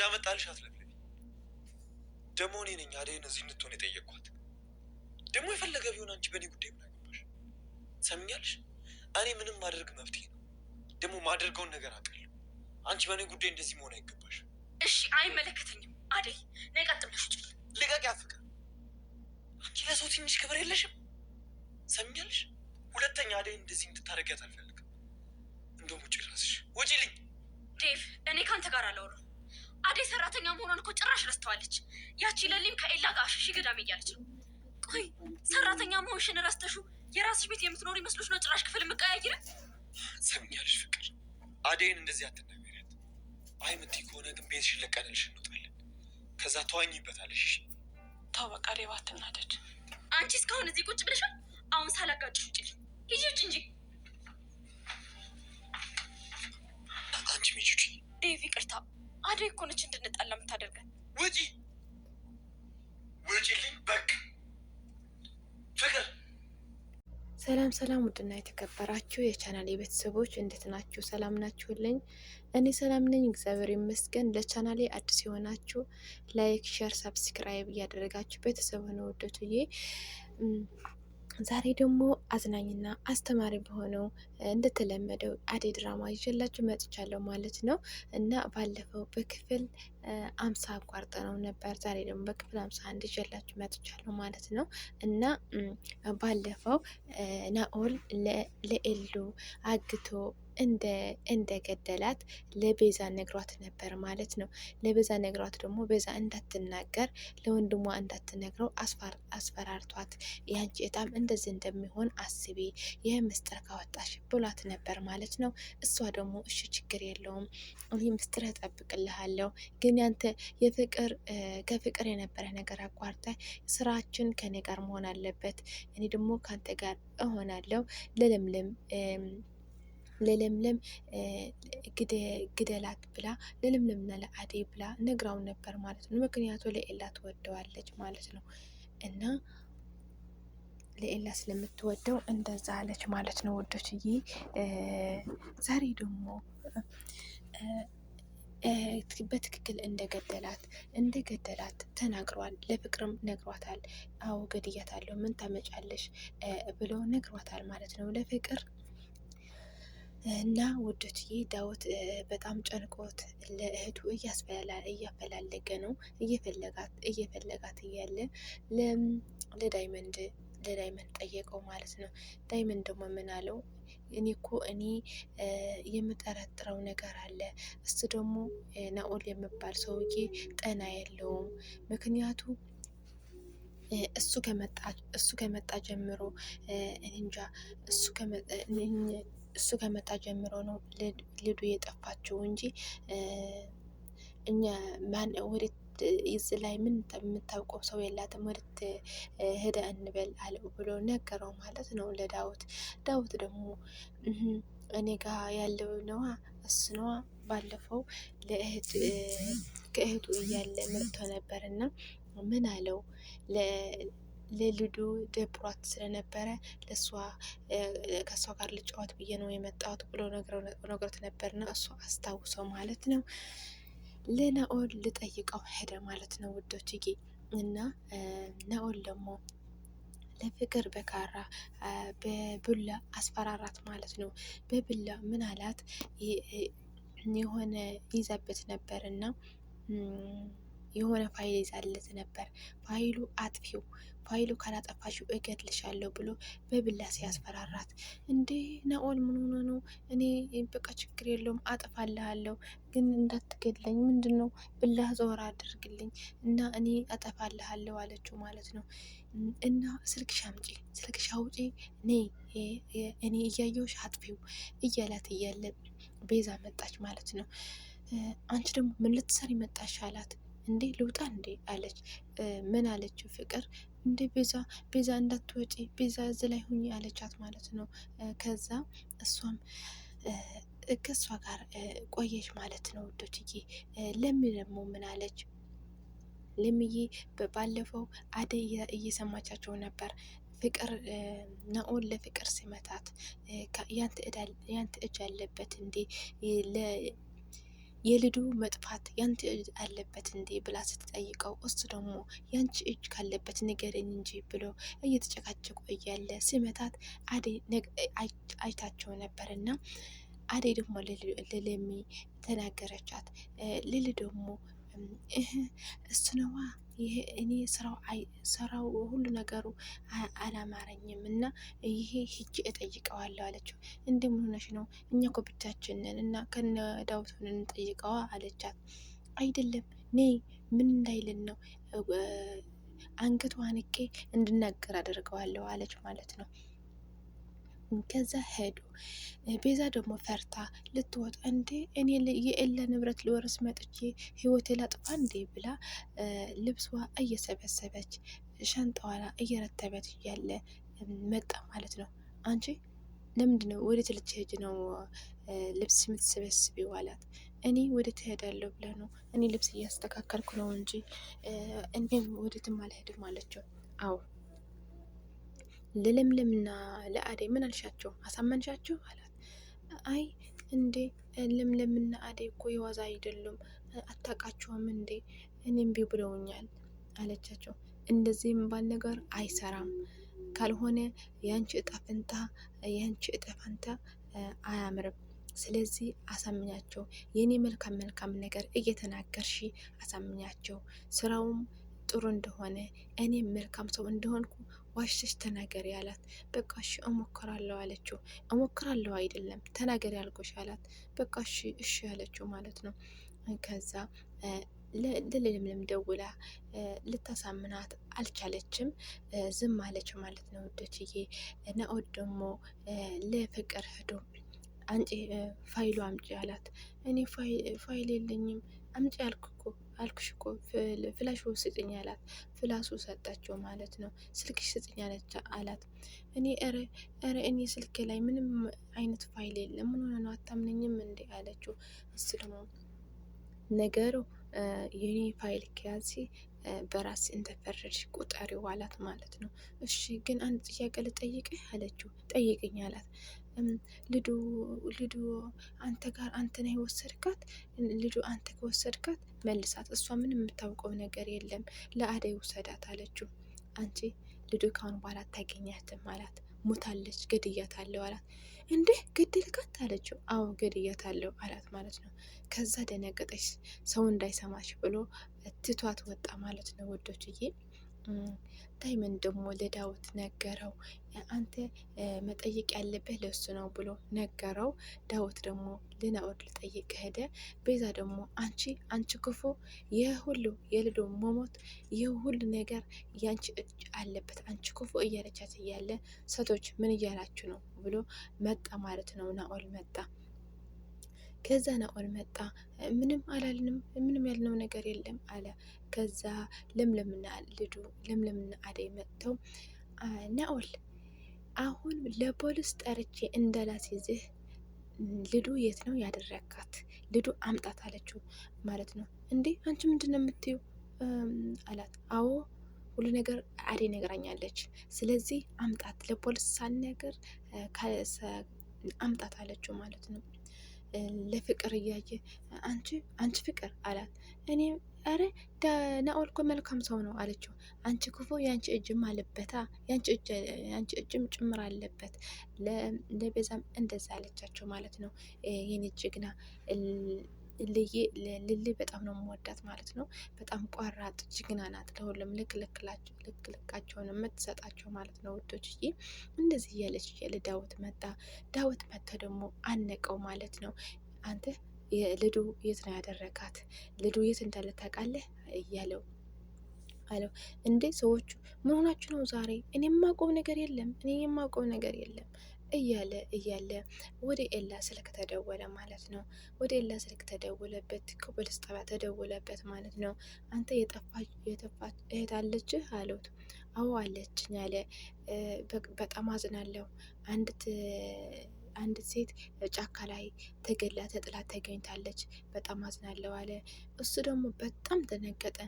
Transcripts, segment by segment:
እንዳመጣልሽ አትለቅልኝ። ደግሞ እኔ ነኝ አደይን እዚህ እንድትሆን የጠየቅኳት። ደግሞ የፈለገ ቢሆን አንቺ በእኔ ጉዳይ ምን አገባሽ? እኔ ምንም ማድረግ መፍትሄ ነው። ደግሞ ማደርገውን ነገር አውቃለሁ። አንቺ በእኔ ጉዳይ እንደዚህ መሆን አይገባሽ። እሺ፣ አይመለከተኝም። አደይ ነይ፣ ቀጥ ብለሽ ውጭ። ልቀቅ። ያፍቅር አንቺ ለሰው ትንሽ ክብር የለሽም። ሰምኛልሽ። ሁለተኛ አደይ እንደዚህ እንድታደርጊያት አልፈልግም። እንደውም ውጭ ራስሽ ውጪ ልኝ። ዴቭ፣ እኔ ከአንተ ጋር አላወራም። አደይ ሰራተኛ መሆኗን እኮ ጭራሽ ረስተዋለች። ያቺ ለሊም ከኤላ ጋር ሽሽ ገዳም እያለች ነው። ቆይ ሰራተኛ መሆንሽን ረስተሹ የራስሽ ቤት የምትኖር ይመስሎች ነው ጭራሽ ክፍል የምቀያይረ ሰምኛለሽ። ፍቅር አደይን እንደዚህ አትናገሪያት። አይ ምትይ ከሆነ ግን ቤትሽን ለቀንልሽ እንወጣለን። ከዛ ተዋኝበታለሽ። እሺ ተው በቃ ዴባ አትናደድ። አንቺ እስካሁን እዚህ ቁጭ ብለሻል። አሁን ሳላጋጭሽ ውጭ ሂጂ ውጭ እንጂ አንቺ ሚጅ ዴቭ ይቅርታ አደይ እኮ ነች እንድንጣላ የምታደርገን። ውጪ ውጪልኝ በቅ ፍቅር። ሰላም ሰላም፣ ውድና የተከበራችሁ የቻናል የቤተሰቦች እንዴት ናችሁ? ሰላም ናችሁልኝ? እኔ ሰላም ነኝ፣ እግዚአብሔር ይመስገን። ለቻናሌ አዲስ የሆናችሁ ላይክ፣ ሸር፣ ሳብስክራይብ እያደረጋችሁ ቤተሰብ ሆነ ውዶችዬ ዛሬ ደግሞ አዝናኝና አስተማሪ በሆነው እንደተለመደው አደይ ድራማ ይዤላችሁ መጥቻለሁ ማለት ነው እና ባለፈው በክፍል አምሳ አቋርጠ ነው ነበር። ዛሬ ደግሞ በክፍል አምሳ አንድ ይዤላችሁ መጥቻለሁ ማለት ነው እና ባለፈው ናኦል ለኤሉ አግቶ እንደገደላት ለቤዛ ነግሯት ነበር ማለት ነው። ለቤዛ ነግሯት ደግሞ ቤዛ እንዳትናገር ለወንድሟ እንዳትነግረው አስፈራርቷት፣ ያንቺ እጣም እንደዚህ እንደሚሆን አስቢ፣ ይህ ምስጢር ካወጣሽ ብሏት ነበር ማለት ነው። እሷ ደግሞ እሺ ችግር የለውም እኔ ምስጢር እጠብቅልሃለሁ፣ ግን ያንተ የፍቅር ከፍቅር የነበረ ነገር አቋርጠ ስራችን ከኔ ጋር መሆን አለበት፣ እኔ ደግሞ ከአንተ ጋር እሆናለሁ ለለምለም ለለምለም ግደላት ብላ ለለምለምና ለአደይ ብላ ነግራው ነበር ማለት ነው። ምክንያቱ ለኤላ ትወደዋለች ማለት ነው እና ለኤላ ስለምትወደው እንደዛ አለች ማለት ነው። ወዶችዬ ዛሬ ደግሞ በትክክል እንደገደላት እንደገደላት ተናግሯል። ለፍቅርም ነግሯታል። አዎ ገድያታለሁ ምን ታመጫለሽ ብሎ ነግሯታል ማለት ነው ለፍቅር እና ወዶትዬ ዳዊት በጣም ጨንቆት ለእህቱ እያፈላለገ ነው። እየፈለጋት እያለ ለዳይመንድ ለዳይመንድ ጠየቀው ማለት ነው። ዳይመንድ ደግሞ ምን አለው? እኔ እኮ እኔ የምጠረጥረው ነገር አለ። እሱ ደግሞ ናኦል የሚባል ሰውዬ ጠና የለውም። ምክንያቱ እሱ ከመጣ ጀምሮ እንጃ እሱ እሱ ከመጣ ጀምሮ ነው ልዱ የጠፋችው እንጂ እኛ ማን ወዴት ይዝ ላይ ምን የምታውቀው ሰው የላትም። ወዴት ሄደ እንበል አለው ብሎ ነገረው ማለት ነው ለዳውት ዳውት ደግሞ እኔ ጋ ያለው ነዋ እሱ ነዋ ባለፈው ለእህት ከእህቱ እያለ መጥቶ ነበር እና ምን አለው ለልዱ ደብሯት ስለነበረ ለእሷ ከእሷ ጋር ልጫወት ብዬ ነው የመጣሁት ብሎ ነግሮት ነበርና እሱ አስታውሰው ማለት ነው ለናኦል ልጠይቀው ሄደ ማለት ነው ጌ እና ናኦል ደግሞ ለፍቅር በካራ በብላ አስፈራራት ማለት ነው። በብላ ምን አላት የሆነ ይዛበት ነበር እና የሆነ ፋይል ይዛለት ነበር። ፋይሉ አጥፊው ፋይሉ ካላጠፋሽው እገድልሻለሁ ብሎ በብላ ሲያስፈራራት፣ እንዴ ናኦል ምን ነው? እኔ በቃ ችግር የለውም አጠፋልሃለሁ፣ ግን እንዳትገድለኝ ምንድን ነው ብላ ዞር አድርግልኝ እና እኔ አጠፋልሃለሁ አለችው ማለት ነው። እና ስልክሽ አምጪ፣ ስልክሽ አውጪ፣ እኔ እያየውሽ አጥፊው እያላት እያለ ቤዛ መጣች ማለት ነው። አንቺ ደግሞ ምን ልትሰሪ መጣሽ አላት። እንዴ ልውጣ እንዴ አለች። ምን አለችው ፍቅር? እንዴ ቤዛ ቤዛ እንዳትወጪ ቤዛ እዚ ላይ ሁኚ አለቻት ማለት ነው። ከዛ እሷም ከእሷ ጋር ቆየች ማለት ነው ውዶችዬ። ለሚ ደግሞ ምን አለች? ለምዬ ባለፈው አደይ እየሰማቻቸው ነበር ፍቅር ናኦል ለፍቅር ሲመታት ያንተ እጅ አለበት እንዴ የልዱ መጥፋት ያንተ እጅ አለበት እንዴ ብላ ስትጠይቀው እሱ ደግሞ ያንቺ እጅ ካለበት ንገረኝ እንጂ ብሎ እየተጨቃጨቁ እያለ ስመታት አይታቸው ነበርና አደይ ደግሞ ለለሚ ተናገረቻት። ልል ደግሞ እሱ ነዋ ይሄ እኔ ስራው ስራው ሁሉ ነገሩ አላማረኝም እና ይሄ ሂጅ እጠይቀዋለሁ አለችው። እንደምን ሆነሽ ነው እኛ እኮ ብቻችንን እና ከነ ዳዊት እንጠይቀዋ አለቻት። አይደለም ኔ ምን እንዳይልን ነው አንገቷን አንቄ እንድናገር አደርገዋለሁ አለች ማለት ነው። ከዛ ሄዱ። ቤዛ ደግሞ ፈርታ ልትወጣ እንዴ እኔ የኤላ ንብረት ልወርስ መጥቼ ህይወቴ ላጥፋ እንዴ ብላ ልብሷ እየሰበሰበች ሻንጣዋላ እየረተበች እያለ መጣ ማለት ነው። አንቺ ለምንድን ነው ወደ ትልች ሄጅ ነው ልብስ የምትሰበስብ ይዋላት እኔ ወደ ትሄዳለሁ ብለ ነው እኔ ልብስ እያስተካከልኩ ነው እንጂ እኔም ወደ ትም አልሄድም አለችው። አዎ ለለምለምና ለአደይ ምን አልሻቸው? አሳመንሻቸው አላት። አይ እንዴ ለምለምና አደይ እኮ የዋዛ አይደሉም አታቃቸውም እንዴ እኔም ቢ ብለውኛል አለቻቸው። እንደዚህ የሚባል ነገር አይሰራም። ካልሆነ የአንቺ እጣ ፈንታ የአንቺ እጣ ፈንታ አያምርም። ስለዚህ አሳምኛቸው፣ የእኔ መልካም መልካም ነገር እየተናገርሽ አሳምኛቸው። ስራውም ጥሩ እንደሆነ እኔም መልካም ሰው እንደሆንኩ ዋሸሽ ተናገሪ አላት። በቃ እሺ እሞክራለሁ አለችው። እሞክራለሁ አይደለም ተናገሪ ያልኩሽ አላት። በቃ እሺ እሺ አለችው ማለት ነው። ከዛ ለልምልም ደውላ ልታሳምናት አልቻለችም፣ ዝም አለች ማለት ነው። ውዶችዬ ናኦድ ደግሞ ለፍቅር ሄዶ አንጪ ፋይሉ አምጪ አላት። እኔ ፋይል የለኝም አምጪ አልኩ እኮ አልኩሽ እኮ ፍላሽ ስጥኝ አላት። ፍላሱ ሰጣቸው ማለት ነው። ስልክሽ ስጥኝ አላት። እኔ ረ እኔ ስልክ ላይ ምንም አይነት ፋይል የለም። ምን ሆነ ነው አታምነኝም እንዴ? አለችው። እሱ ደግሞ ነገሩ የኔ ፋይል ከያዚ በራስ እንደፈረድሽ ቁጠሪው አላት ማለት ነው። እሺ ግን አንድ ጥያቄ ልጠይቅህ አለችው። ጠይቅኝ አላት። ልዱ ልዱ አንተ ጋር አንተ ነህ የወሰድካት፣ ልዱ አንተ ከወሰድካት መልሳት፣ እሷ ምንም የምታውቀው ነገር የለም ለአደይ ውሰዳት አለችው። አንቺ ልዱ ካሁን በኋላ አታገኛትም አላት። ሞታለች፣ ገድያታለሁ አላት። እንዴ ገደልካት አለችው። አዎ ገድያታለሁ አላት ማለት ነው። ከዛ ደነገጠች። ሰው እንዳይሰማች ብሎ ትቷት ወጣ ማለት ነው ወዶችዬ። ዳይመንድ ደግሞ ለዳዊት ነገረው። አንተ መጠየቅ ያለብህ ለሱ ነው ብሎ ነገረው። ዳዊት ደግሞ ልናወድ ልጠይቅ ሄደ። ቤዛ ደግሞ አንቺ አንቺ ክፉ፣ ይህ ሁሉ የልዶ መሞት፣ ይህ ሁሉ ነገር ያንቺ እጅ አለበት፣ አንቺ ክፉ እያለቻት እያለ ሴቶች ምን እያላችሁ ነው ብሎ መጣ ማለት ነው። ናኦል መጣ። ከዛ ናኦል መጣ። ምንም አላልንም፣ ምንም ያልነው ነገር የለም አለ። ከዛ ለምለምና ልዱ ለምለምና አደይ መጥተው ናኦል አሁን ለፖሊስ ጠርቼ እንዳላስይዝህ ልዱ የት ነው ያደረካት? ልዱ አምጣት አለችው ማለት ነው። እንዴ አንቺ ምንድን ነው የምትዩ አላት። አዎ ሁሉ ነገር አደይ ነግራኛለች። ስለዚህ አምጣት፣ ለፖሊስ ሳልነግር አምጣት አለችው ማለት ነው። ለፍቅር እያየ አንቺ አንቺ ፍቅር አላት። እኔ ኧረ ናኦል እኮ መልካም ሰው ነው አለችው። አንቺ ክፉ የአንቺ እጅም አለበታ የአንቺ እጅም ጭምር አለበት። ለቤዛም እንደዛ አለቻቸው ማለት ነው የኔ ጀግና ልልይ በጣም ነው የምወዳት ማለት ነው። በጣም ቋራጥ ጅግና ናት። ለሁሉም ልክ ልካቸውን የምትሰጣቸው ማለት ነው ውዶችዬ። እንደዚህ እያለች እያለ ዳዊት መጣ። ዳዊት መጥተ ደግሞ አነቀው ማለት ነው። አንተ ልዱ የት ነው ያደረካት? ልዱ የት እንዳለ ታውቃለህ? እያለው አለው እንዴ ሰዎቹ ምን ሆናችሁ ነው ዛሬ? እኔ የማቆም ነገር የለም እኔ የማቆም ነገር የለም እያለ እያለ ወደ ኤላ ስልክ ተደወለ ማለት ነው። ወደ ኤላ ስልክ ተደወለበት፣ ክቡልስ ጠባ ተደወለበት ማለት ነው። አንተ የጠፋች እህት አለችህ አሉት። አዎ አለችኝ አለ። በጣም አዝናለሁ አንድት አንዲት ሴት ጫካ ላይ ተገላ ተጥላ ተገኝታለች። በጣም አዝናለሁ አለ። እሱ ደግሞ በጣም ደነገጠ።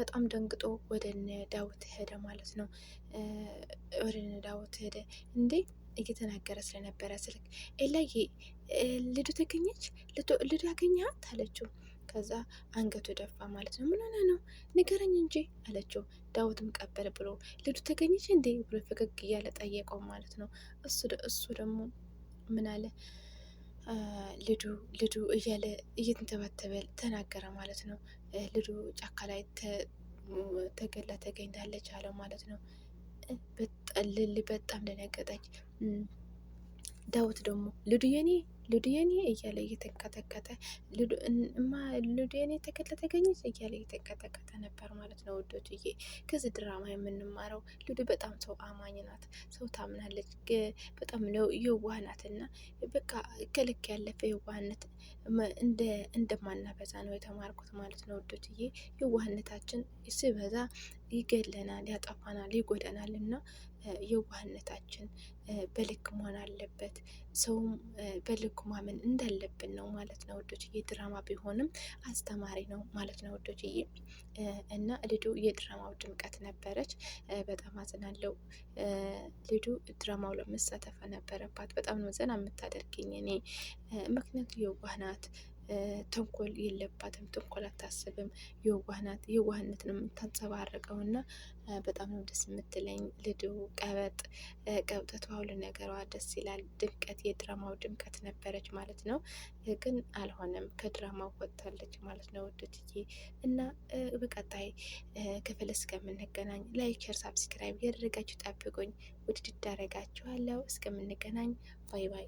በጣም ደንግጦ ወደ እነ ዳዊት ሄደ ማለት ነው። ወደ እነ ዳዊት ሄደ እንዴ እየተናገረ ስለነበረ ስልክ ኤላዬ ልዱ ተገኘች ልዱ ያገኘሃት አለችው። ከዛ አንገቱ ደፋ ማለት ነው። ምን ሆነ ነው ንገረኝ እንጂ አለችው። ዳዊትም ቀበል ብሎ ልዱ ተገኘች እንዴ ብሎ ፈገግ እያለ ጠየቀው ማለት ነው። እሱ ደግሞ ምን አለ ልዱ ልዱ እያለ እየተንተባተበ ተናገረ ማለት ነው። ልዱ ጫካ ላይ ተገላ ተገኝታለች አለው ማለት ነው። ልል በጣም ደነገጠች። ዳዊት ደግሞ ልዱ የኔ ልዱ የኔ እያለ እየተንከተከተ ልዱ የኔ ተከለ ተገኘች እያለ እየተንቀጠቀጠ ነበር ማለት ነው ዬ ከዚህ ድራማ የምንማረው ልዱ በጣም ሰው አማኝ ናት፣ ሰው ታምናለች፣ በጣም የዋህ ናት እና በቃ ከልክ ያለፈ የዋህነት እንደ እንደማናበዛ ነው የተማርኩት ማለት ነው ዬ የዋህነታችን ሲበዛ ይገለናል፣ ያጠፋናል፣ ይጎዳናል እና የዋህነታችን በልክ መሆን አለበት። ሰውም በልኩ ማመን እንዳለብን ነው ማለት ነው ወዶች ድራማ ቢሆንም አስተማሪ ነው ማለት ነው ወዶችዬ። እና ልዱ የድራማው ድምቀት ነበረች። በጣም አዝናለው ልጁ ድራማው ለመሳተፍ ነበረባት። በጣም ነው ዘና የምታደርገኝ እኔ ምክንያቱ የዋህ ናት። ተንኮል የለባትም፣ ተንኮል አታስብም። የዋህናት የዋህነት ነው የምታንጸባርቀው እና በጣም ነው ደስ የምትለኝ ልዱ። ቀበጥ ቀብጠቷ፣ ሁሉ ነገሯ ደስ ይላል። ድምቀት የድራማው ድምቀት ነበረች ማለት ነው። ግን አልሆነም፣ ከድራማው ወጥታለች ማለት ነው። ውድትዬ እና በቀጣይ ክፍል እስከምንገናኝ ላይክ፣ ሼር፣ ሳብስክራይብ ያደረጋችሁ ጠብቁኝ። ውድድ ዳረጋችኋለሁ። እስከምንገናኝ ባይ ባይ።